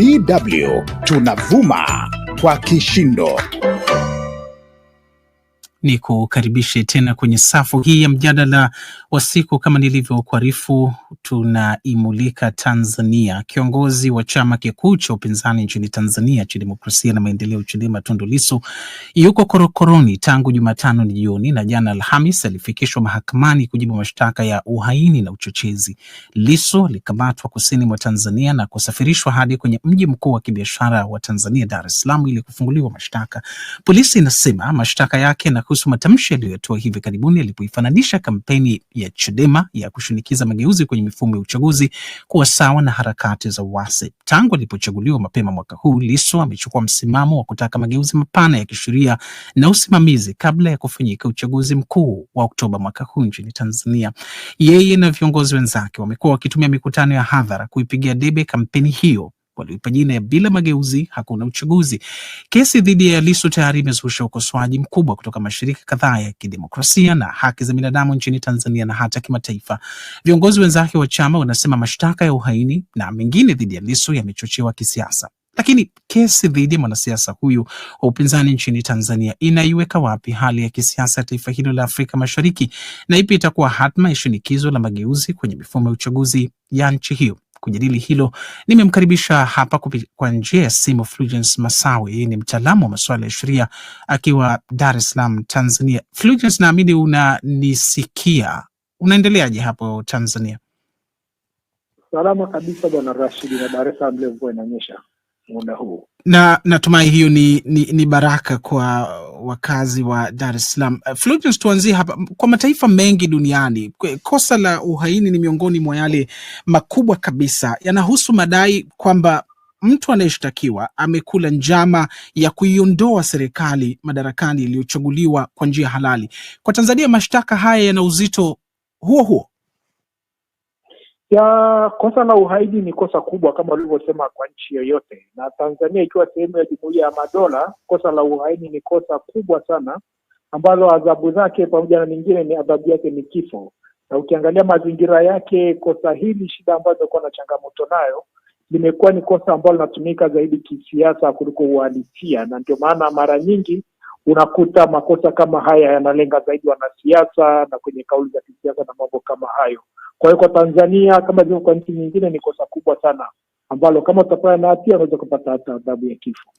DW tunavuma kwa kishindo ni kukaribishe tena kwenye safu hii ya mjadala wa siku. Kama nilivyokuarifu, tunaimulika Tanzania. Kiongozi wa chama kikuu cha upinzani nchini Tanzania cha Demokrasia na Maendeleo, Chadema, Tundu Lissu yuko korokoroni tangu Jumatano ni jioni na jana Alhamis alifikishwa mahakamani kujibu mashtaka ya uhaini na uchochezi. Lissu alikamatwa kusini mwa Tanzania na kusafirishwa hadi kwenye mji mkuu wa kibiashara wa Tanzania, Dar es Salaam, ili kufunguliwa mashtaka. Polisi inasema mashtaka yake na kuhusu matamshi aliyoyatoa hivi karibuni alipoifananisha kampeni ya Chadema ya kushinikiza mageuzi kwenye mifumo ya uchaguzi kuwa sawa na harakati za uasi. Tangu alipochaguliwa mapema mwaka huu, Lissu amechukua msimamo wa kutaka mageuzi mapana ya kisheria na usimamizi kabla ya kufanyika uchaguzi mkuu wa Oktoba mwaka huu nchini Tanzania. Yeye na viongozi wenzake wamekuwa wakitumia mikutano ya hadhara kuipigia debe kampeni hiyo walioipa jina ya bila mageuzi hakuna uchaguzi. Kesi dhidi ya Lissu tayari imezusha ukosoaji mkubwa kutoka mashirika kadhaa ya kidemokrasia na haki za binadamu nchini Tanzania na hata kimataifa. Viongozi wenzake wa chama wanasema mashtaka ya uhaini na mengine dhidi ya Lissu yamechochewa kisiasa. Lakini kesi dhidi ya mwanasiasa huyu wa upinzani nchini Tanzania inaiweka wapi hali ya kisiasa ya taifa hilo la Afrika Mashariki, na ipi itakuwa hatma ya shinikizo la mageuzi kwenye mifumo ya uchaguzi ya nchi hiyo? Kujadili hilo nimemkaribisha hapa kwa njia ya simu Fulgence Masawe. Yeye ni mtaalamu wa masuala ya sheria akiwa Dar es Salaam, Tanzania. Fulgence, naamini unanisikia. Unaendeleaje hapo Tanzania? Salama kabisa bwana Rashidi, na Dar es Salaam leo mvua muda huu na natumai hiyo ni, ni, ni baraka kwa wakazi wa Dar es Salaam. Uh, tuanzie hapa. Kwa mataifa mengi duniani, kosa la uhaini ni miongoni mwa yale makubwa kabisa, yanahusu madai kwamba mtu anayeshtakiwa amekula njama ya kuiondoa serikali madarakani iliyochaguliwa kwa njia halali. Kwa Tanzania, mashtaka haya yana uzito huo huo? ya kosa la uhaini ni kosa kubwa kama ulivyosema kwa nchi yoyote, na Tanzania ikiwa sehemu ya Jumuiya ya Madola, kosa la uhaini ni kosa kubwa sana ambalo adhabu zake pamoja na nyingine ni adhabu yake ni kifo. Na ukiangalia mazingira yake, kosa hili, shida ambayo imekuwa na changamoto nayo, limekuwa ni kosa ambalo linatumika zaidi kisiasa kuliko uhalisia, na ndio maana mara nyingi unakuta makosa kama haya yanalenga zaidi wanasiasa na kwenye kauli za kisiasa na mambo kama hayo. Kwa hiyo kwa Tanzania kama ilivyo kwa nchi nyingine ni kosa kubwa sana ambalo kama utafanya na hatia unaweza kupata hata adhabu ya kifo.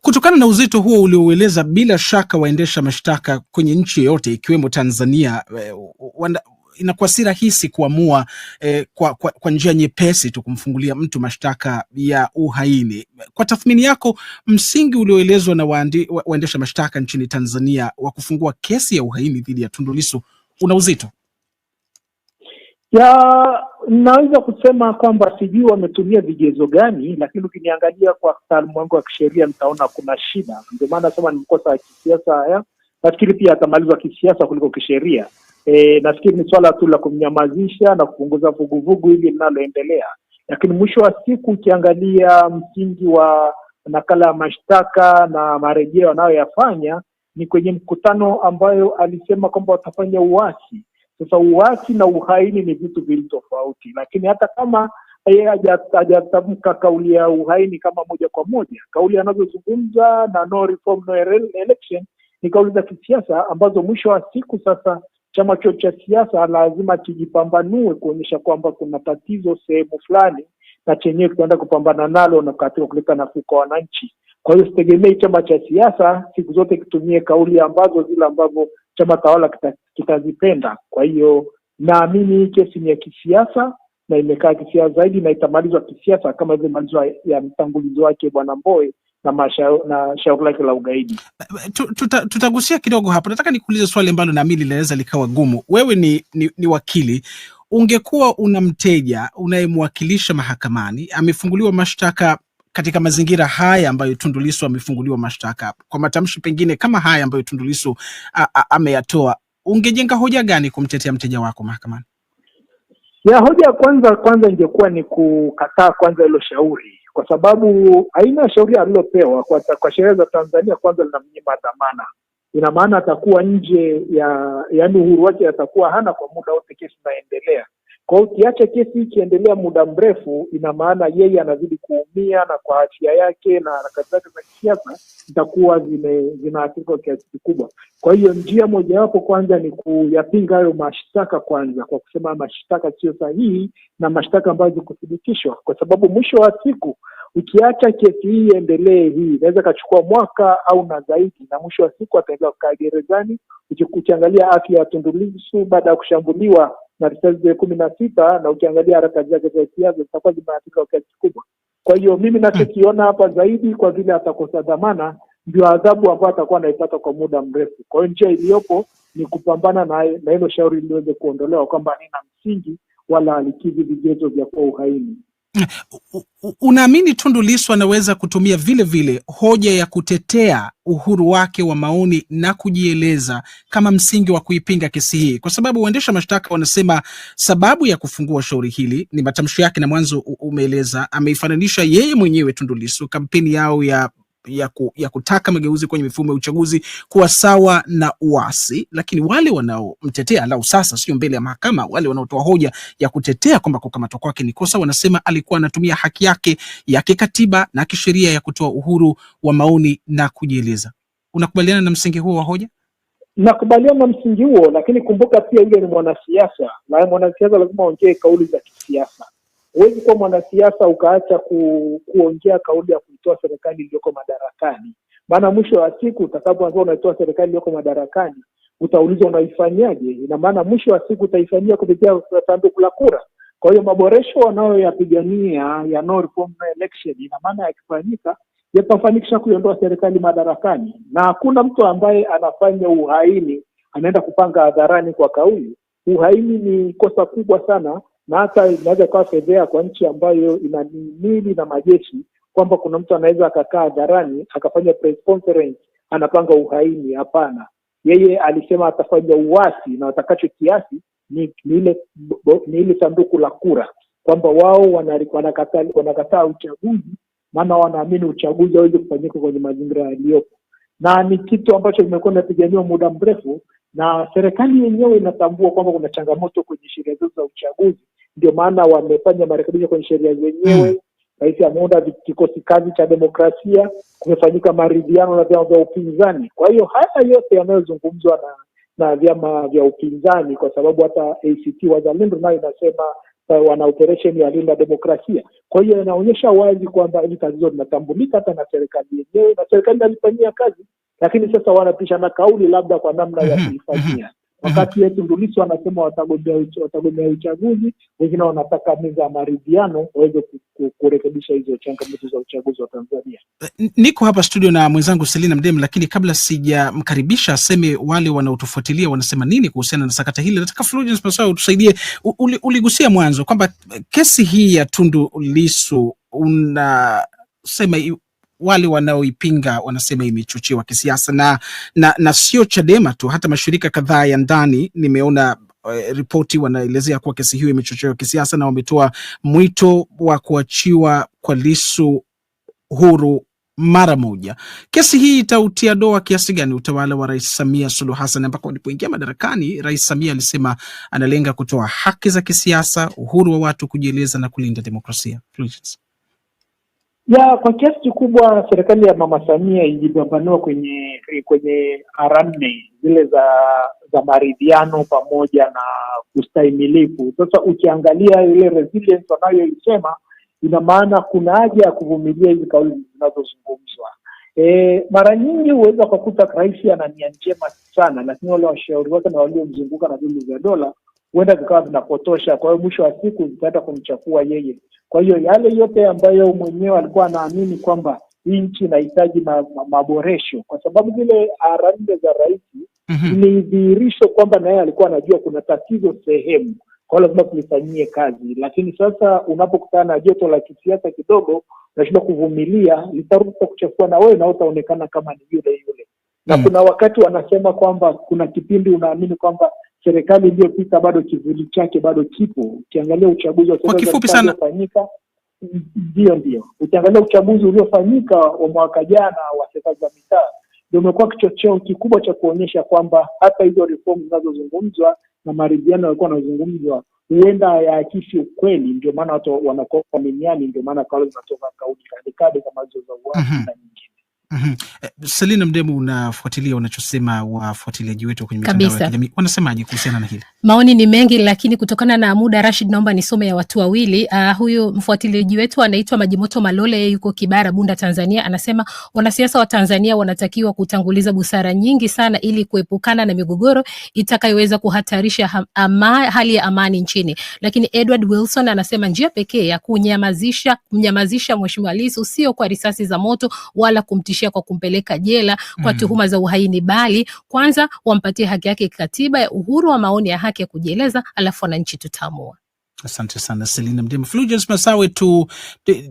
Kutokana na uzito huo ulioueleza, bila shaka waendesha mashtaka kwenye nchi yoyote ikiwemo Tanzania eh, inakuwa si rahisi kuamua eh, kwa, kwa, kwa njia nyepesi tu kumfungulia mtu mashtaka ya uhaini. Kwa tathmini yako, msingi ulioelezwa na waendesha mashtaka nchini Tanzania wa kufungua kesi ya uhaini dhidi ya Tundu Lissu una uzito? Ya, naweza kusema kwamba sijui wametumia vigezo gani, lakini ukiniangalia kwa mtaalamu wangu wa kisheria nitaona kuna shida. Ndio maana nasema ni mkosa wa kisiasa haya, nafikiri pia atamalizwa kisiasa kuliko kisheria. E, nafikiri ni swala tu la kumnyamazisha na kupunguza vuguvugu hili linaloendelea, lakini mwisho wa siku ukiangalia msingi wa nakala ya mashtaka na marejeo anayoyafanya ni kwenye mkutano ambayo alisema kwamba watafanya uwasi Sasa uwasi na uhaini ni vitu vili tofauti, lakini hata kama yeye hajatamka kauli ya uhaini kama moja kwa moja, kauli anazozungumza na no reform, no election ni kauli za kisiasa ambazo mwisho wa siku sasa chama cho cha siasa lazima kijipambanue kuonyesha kwamba kuna tatizo sehemu fulani na chenyewe kitaenda kupambana nalo na katika kuleta nafuu kwa wananchi. Kwa hiyo sitegemei chama cha siasa siku zote kitumie kauli ambazo zile ambavyo chama tawala kitazipenda kita. Kwa hiyo naamini kesi ni ya kisiasa na imekaa kisiasa zaidi na itamalizwa kisiasa kama malizo ya mtangulizi wake Bwana mboe na shauri na lake la ugaidi. Tuta, kidogo hapo. Nataka nikuulize swali ambalo nami linaweza likawa gumu. Wewe ni, ni, ni wakili, ungekuwa una mteja unayemwakilisha mahakamani amefunguliwa mashtaka katika mazingira haya ambayo Tundu Lissu amefunguliwa mashtaka kwa matamshi pengine kama haya ambayo Tundu Lissu ameyatoa, ungejenga hoja gani kumtetea mteja wako mahakamani? ya hoja ya kwanza kwanza ingekuwa ni kukataa kwanza hilo shauri, kwa sababu aina ya shauri alilopewa kwa, kwa sheria za Tanzania kwanza linamnyima dhamana. Ina maana atakuwa nje ya, yaani uhuru wake atakuwa hana kwa muda wote kesi inaendelea kwa ukiacha kesi ikiendelea muda mrefu, ina maana yeye anazidi kuumia, na kwa afya yake na harakati zake za kisiasa zitakuwa zinaathirika kwa kiasi kikubwa. Kwa hiyo njia mojawapo kwanza ni kuyapinga hayo mashtaka kwanza, kwa kusema mashtaka sio sahihi na mashtaka ambayo zikuthibitishwa, kwa sababu mwisho wa siku ukiacha kesi hii iendelee, hii inaweza ikachukua mwaka au na zaidi, na mwisho wa siku ataendelea kukaa gerezani. Ukiangalia afya ya tundulisu baada ya kushambuliwa na vitabu kumi na sita na ukiangalia harakati zake za siasa zitakuwa zimeathirika kwa kiasi kikubwa. Kwa hiyo mimi nachokiona hapa zaidi, kwa vile atakosa dhamana, ndio adhabu ambayo atakuwa anaipata kwa muda mrefu. Kwa hiyo njia iliyopo ni kupambana na na hilo shauri liweze kuondolewa, kwamba halina msingi wala alikizi vigezo vya kuwa uhaini. Unaamini Tundu Lissu anaweza kutumia vile vile hoja ya kutetea uhuru wake wa maoni na kujieleza kama msingi wa kuipinga kesi hii? Kwa sababu waendesha mashtaka wanasema sababu ya kufungua shauri hili ni matamshi yake, na mwanzo umeeleza ameifananisha yeye mwenyewe Tundu Lissu, kampeni yao ya ya, ku, ya kutaka mageuzi kwenye mifumo ya uchaguzi kuwa sawa na uasi, lakini wale wanaomtetea lau sasa sio mbele ya mahakama, wale wanaotoa hoja ya kutetea kwamba kukamatwa kwake ni kosa, wanasema alikuwa anatumia haki yake ya kikatiba na kisheria ya kutoa uhuru wa maoni na kujieleza. Unakubaliana na msingi huo wa hoja? Nakubaliana na msingi huo, lakini kumbuka pia yule ni mwanasiasa, na mwanasiasa lazima aongee kauli za kisiasa. Huwezi kuwa mwanasiasa ukaacha ku, kuongea kauli ya kuitoa serikali iliyoko madarakani, maana mwisho wa siku utakapoanza unaitoa serikali iliyoko madarakani utaulizwa unaifanyaje. Ina maana mwisho wa siku utaifanyia kupitia sanduku la kura. Kwa hiyo maboresho wanayoyapigania ya no reform no election, ina maana yakifanyika yatafanikisha kuiondoa serikali madarakani, na hakuna mtu ambaye anafanya uhaini anaenda kupanga hadharani kwa kauli. Uhaini ni kosa kubwa sana na hata inaweza ikawa fedhea kwa nchi ambayo ina mili na majeshi kwamba kuna mtu anaweza akakaa hadharani akafanya press conference anapanga uhaini. Hapana, yeye alisema atafanya uasi na watakacho kiasi ni, ni ile ni ile sanduku la kura, kwamba wao wanakataa uchaguzi, maana wanaamini uchaguzi hawezi kufanyika kwenye mazingira yaliyopo, na ni kitu ambacho kimekuwa inapiganiwa muda mrefu, na serikali yenyewe inatambua kwamba kuna changamoto kwenye sheria zetu za uchaguzi ndio maana wamefanya marekebisho kwenye sheria zenyewe. Hmm. Rais ameunda kikosi kazi cha demokrasia, kumefanyika maridhiano na vyama vya upinzani. Kwa hiyo haya yote yanayozungumzwa na na vyama vya upinzani, kwa sababu hata ACT Wazalendo nayo inasema uh, wana operesheni ya linda demokrasia. Kwa hiyo inaonyesha wazi kwamba hili tatizo linatambulika hata na serikali yenyewe, na serikali inalifanyia kazi, lakini sasa wanapishana kauli, labda kwa namna ya hmm. kuifanyia hmm. Wakati wetu Tundu Lissu wanasema watagombea uchaguzi, wengine wanataka meza ya maridhiano waweze kurekebisha hizo changamoto za uchaguzi wa Tanzania. Eh, niko hapa studio na mwenzangu Selina Mdem, lakini kabla sijamkaribisha aseme wale wanaotufuatilia wanasema nini kuhusiana na sakata hili, nataka Fulgence utusaidie. Uligusia mwanzo kwamba kesi hii ya Tundu Lissu unasema wale wanaoipinga wanasema imechochewa kisiasa na, na, na sio Chadema tu, hata mashirika kadhaa ya ndani nimeona eh, ripoti wanaelezea kuwa kesi hiyo imechochewa kisiasa na wametoa mwito wa kuachiwa kwa Lissu huru mara moja. Kesi hii itautia doa kiasi gani utawala wa Rais Samia Suluhu Hassan, ambako alipoingia madarakani Rais Samia alisema analenga kutoa haki za kisiasa, uhuru wa watu kujieleza na kulinda demokrasia. Please ya kwa kiasi kikubwa serikali ya Mama Samia ilijipambanua kwenye kwenye aranne zile za za maridhiano pamoja na ustahimilifu. Sasa ukiangalia ile resilience wanayoisema, ina maana kuna haja ya kuvumilia hizi kauli zinazozungumzwa. E, mara nyingi huweza ukakuta rais ana nia njema sana, lakini wale washauri wake na waliomzunguka na vyombo vya dola huenda vikawa vinapotosha. Kwa hiyo mwisho wa siku zitaenda kumchafua yeye kwa hiyo yale yote ambayo mwenyewe alikuwa anaamini kwamba hii nchi inahitaji maboresho ma, ma kwa sababu zile ara nne za rais ni mm -hmm. kwamba naye alikuwa anajua kuna tatizo sehemu, kwa lazima kulifanyie kazi, lakini sasa unapokutana na joto la kisiasa kidogo unashindwa kuvumilia, litaruka kuchafua na wewe na utaonekana kama ni yule yule na mm kuna wakati wanasema kwamba kuna kipindi unaamini kwamba serikali iliyopita bado kivuli chake bado kipo. Ukiangalia uchaguzi wa kwa kifupi sana ufanyika, ndio ndio, ukiangalia uchaguzi uliofanyika wa mwaka jana wa serikali za mitaa ndio umekuwa kichocheo kikubwa cha kuonyesha kwamba hata hizo reformu zinazozungumzwa na maridhiano yalikuwa yanazungumzwa huenda hayaakisi ukweli. Ndio maana watu wanakuwa wameniani, ndio maana kauli zinatoka kauli kadekade kama hizo za uwazi mhm. na nyingine Mm -hmm. Selina Mdemu, unafuatilia unachosema wafuatiliaji wetu kwenye mitandao ya kijamii, wanasemaje kuhusiana na hili? Maoni ni mengi lakini kutokana na muda, Rashid, naomba nisome ya watu wawili. Uh, huyu mfuatiliaji wetu anaitwa Majimoto Malole, yuko Kibara, Bunda, Tanzania, anasema wanasiasa wa Tanzania wanatakiwa kutanguliza busara nyingi sana ili kuepukana na migogoro itakayoweza kuhatarisha ama, hali ya amani nchini. Lakini Edward Wilson anasema njia pekee ya kunyamazisha mnyamazisha Mheshimiwa Lissu sio kwa risasi za moto wala kumtishia kwa kumpeleka jela kwa mm, tuhuma za uhaini, bali kwanza wampatie haki yake kikatiba ya uhuru wa maoni ya haki ya kujieleza, alafu wananchi tutaamua. Asante sana Selina Mdema. Florence Masawe, tu,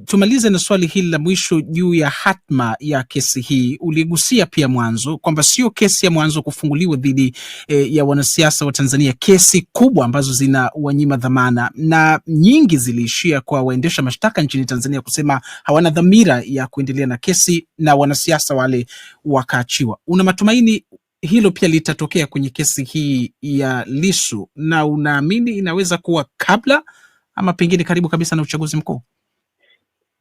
tumalize na swali hili la mwisho juu ya hatma ya kesi hii. Uligusia pia mwanzo kwamba sio kesi ya mwanzo kufunguliwa dhidi eh, ya wanasiasa wa Tanzania, kesi kubwa ambazo zina wanyima dhamana na nyingi ziliishia kwa waendesha mashtaka nchini Tanzania kusema hawana dhamira ya kuendelea na kesi na wanasiasa wale wakaachiwa. Una matumaini hilo pia litatokea kwenye kesi hii ya lisu na unaamini inaweza kuwa kabla ama pengine karibu kabisa na uchaguzi mkuu?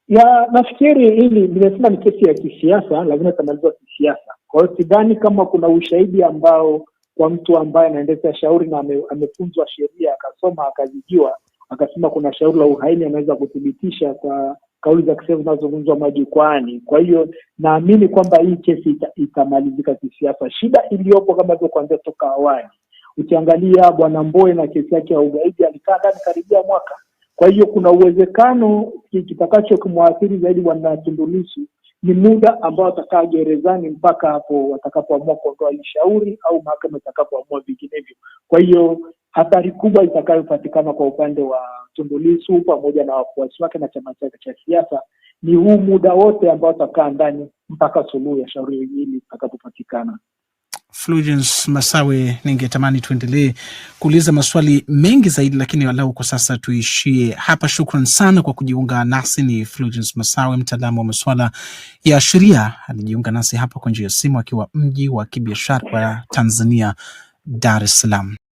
Ya, nafikiri hili nimesema ni kesi ya kisiasa, lazima itamalizwa kisiasa. Kwa hiyo sidhani kama kuna ushahidi ambao kwa mtu ambaye anaendesha shauri na amefunzwa sheria akasoma akazijua akasema kuna shauri la uhaini anaweza kuthibitisha kwa kauli za kisiasa zinazozungumzwa majukwani. Kwa hiyo naamini kwamba hii kesi ita, itamalizika kisiasa. Shida iliyopo kama ilivyokuambia toka awali, ukiangalia Bwana mboe na kesi yake ya ugaidi alikaa ndani karibia mwaka. Kwa hiyo kuna uwezekano kitakacho kumwathiri zaidi Bwana Tundu Lissu ni muda ambao watakaa gerezani mpaka hapo watakapoamua kuondoa lishauri au mahakama itakapoamua vinginevyo. Kwa hiyo hatari kubwa itakayopatikana kwa upande wa Tundu Lissu pamoja na wafuasi wake na chama chake cha siasa ni huu muda wote ambao watakaa ndani mpaka suluhu ya shauri hili itakapopatikana Fulgence Masawe, ningetamani tuendelee kuuliza maswali mengi zaidi, lakini walau kwa sasa tuishie hapa. Shukran sana kwa kujiunga nasi. Ni Fulgence Masawe, mtaalamu wa masuala ya sheria, alijiunga nasi hapa kwa njia ya simu akiwa mji wa kibiashara wa Tanzania, Dar es Salaam.